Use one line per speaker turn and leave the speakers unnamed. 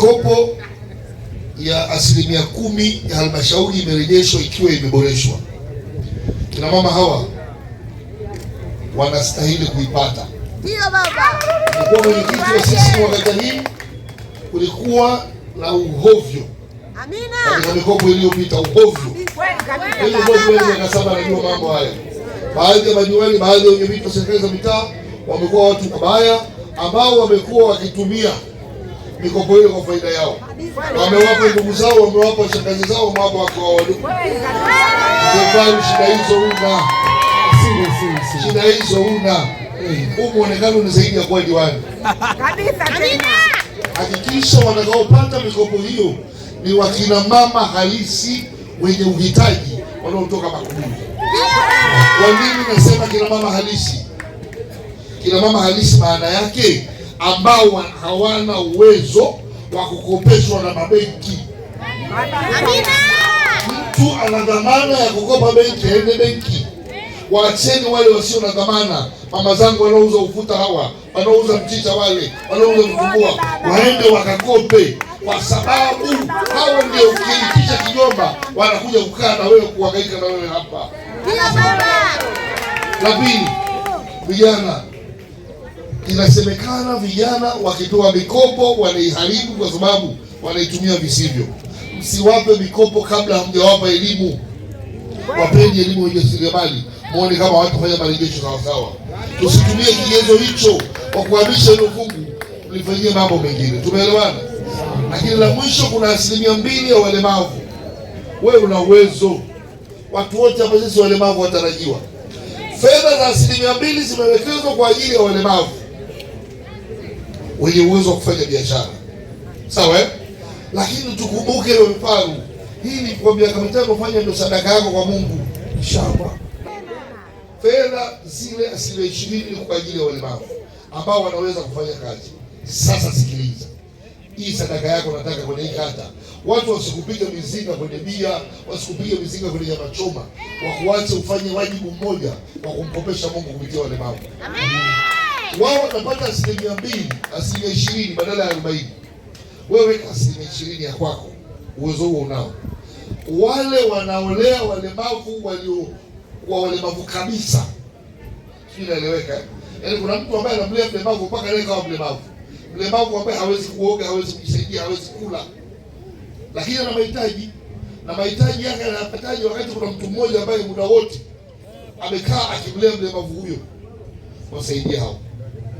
mikopo ya asilimia kumi ya halmashauri imerejeshwa ikiwa imeboreshwa. Kina mama hawa wanastahili kuipata. Kwa mwenyekiti wa sisi wa hii, kulikuwa na uhovyo katika mikopo iliyopita, uhovyo najua mambo haya. Baadhi ya madiwani, baadhi ya wenyeviti wa serikali za mitaa wamekuwa watu wabaya ambao wamekuwa wakitumia mikopo hiyo kwa faida yao. Wamewapa ndugu zao, wamewapa shangazi zao, wamewapa wako wao. Shida hizo una shida hizo una huu mwonekano ni zaidi ya kuwa diwani. Hakikisha watakaopata mikopo hiyo ni wakina mama halisi wenye uhitaji wanaotoka makundi. Kwa nini nasema kina mama halisi? Kina mama halisi maana yake ambao hawana uwezo wa kukopeshwa na mabenki. Mtu ana dhamana ya kukopa benki, aende benki. Waacheni wale wasio na dhamana, mama zangu wanaouza ufuta, hawa wanaouza mchicha, wale wanaouza vitumbua, waende wakakope, kwa sababu hao ndio ukiitisha kigomba wanakuja kukaa na wewe, kuhangaika na wewe hapa. La pili, vijana Inasemekana vijana wakitoa mikopo wanaiharibu kwa sababu wanaitumia visivyo. Msiwape mikopo kabla hamjawapa elimu. Wapeni elimu wenye ujasiriamali, mwone kama watu fanya marejesho sawasawa. Tusitumie kigezo hicho kwa kuhamisha hilo fungu lifanyie mambo mengine. Tumeelewana? Lakini la mwisho, kuna asilimia mbili ya walemavu. Wewe una uwezo, watu wote hapa sisi walemavu watarajiwa. Fedha za asilimia mbili zimewekezwa kwa ajili ya walemavu wenye uwezo wa kufanya biashara, sawa eh? Lakini tukumbuke ile mfano hii ni kwa miaka mitano, fanya ndio sadaka yako kwa Mungu, shamba Fedha zile asilimia ishirini kwa ajili ya walemavu ambao wanaweza kufanya kazi. Sasa sikiliza hii sadaka yako nataka kwenye hii kata watu wasikupiga mizinga kwenye bia, wasikupiga mizinga kwenye nyama choma, wakuache ufanye wajibu mmoja wa kumpopesha Mungu kupitia walemavu. Amen wao wanapata asilimia mbili, asilimia ishirini badala ya arobaini. Wewe weka asilimia ishirini ya kwako, uwezo huo unao. Wale wanaolea walemavu walio wa walemavu kabisa, sijui inaeleweka. Eh? Yaani kuna mtu ambaye anamlea mlemavu mpaka leo kawa mlemavu, mlemavu ambaye hawezi kuoga, hawezi kujisaidia, hawezi kula, lakini ana mahitaji na mahitaji yake anayapataje? Wakati kuna mtu mmoja ambaye muda wote amekaa akimlea mlemavu huyo, wasaidia hao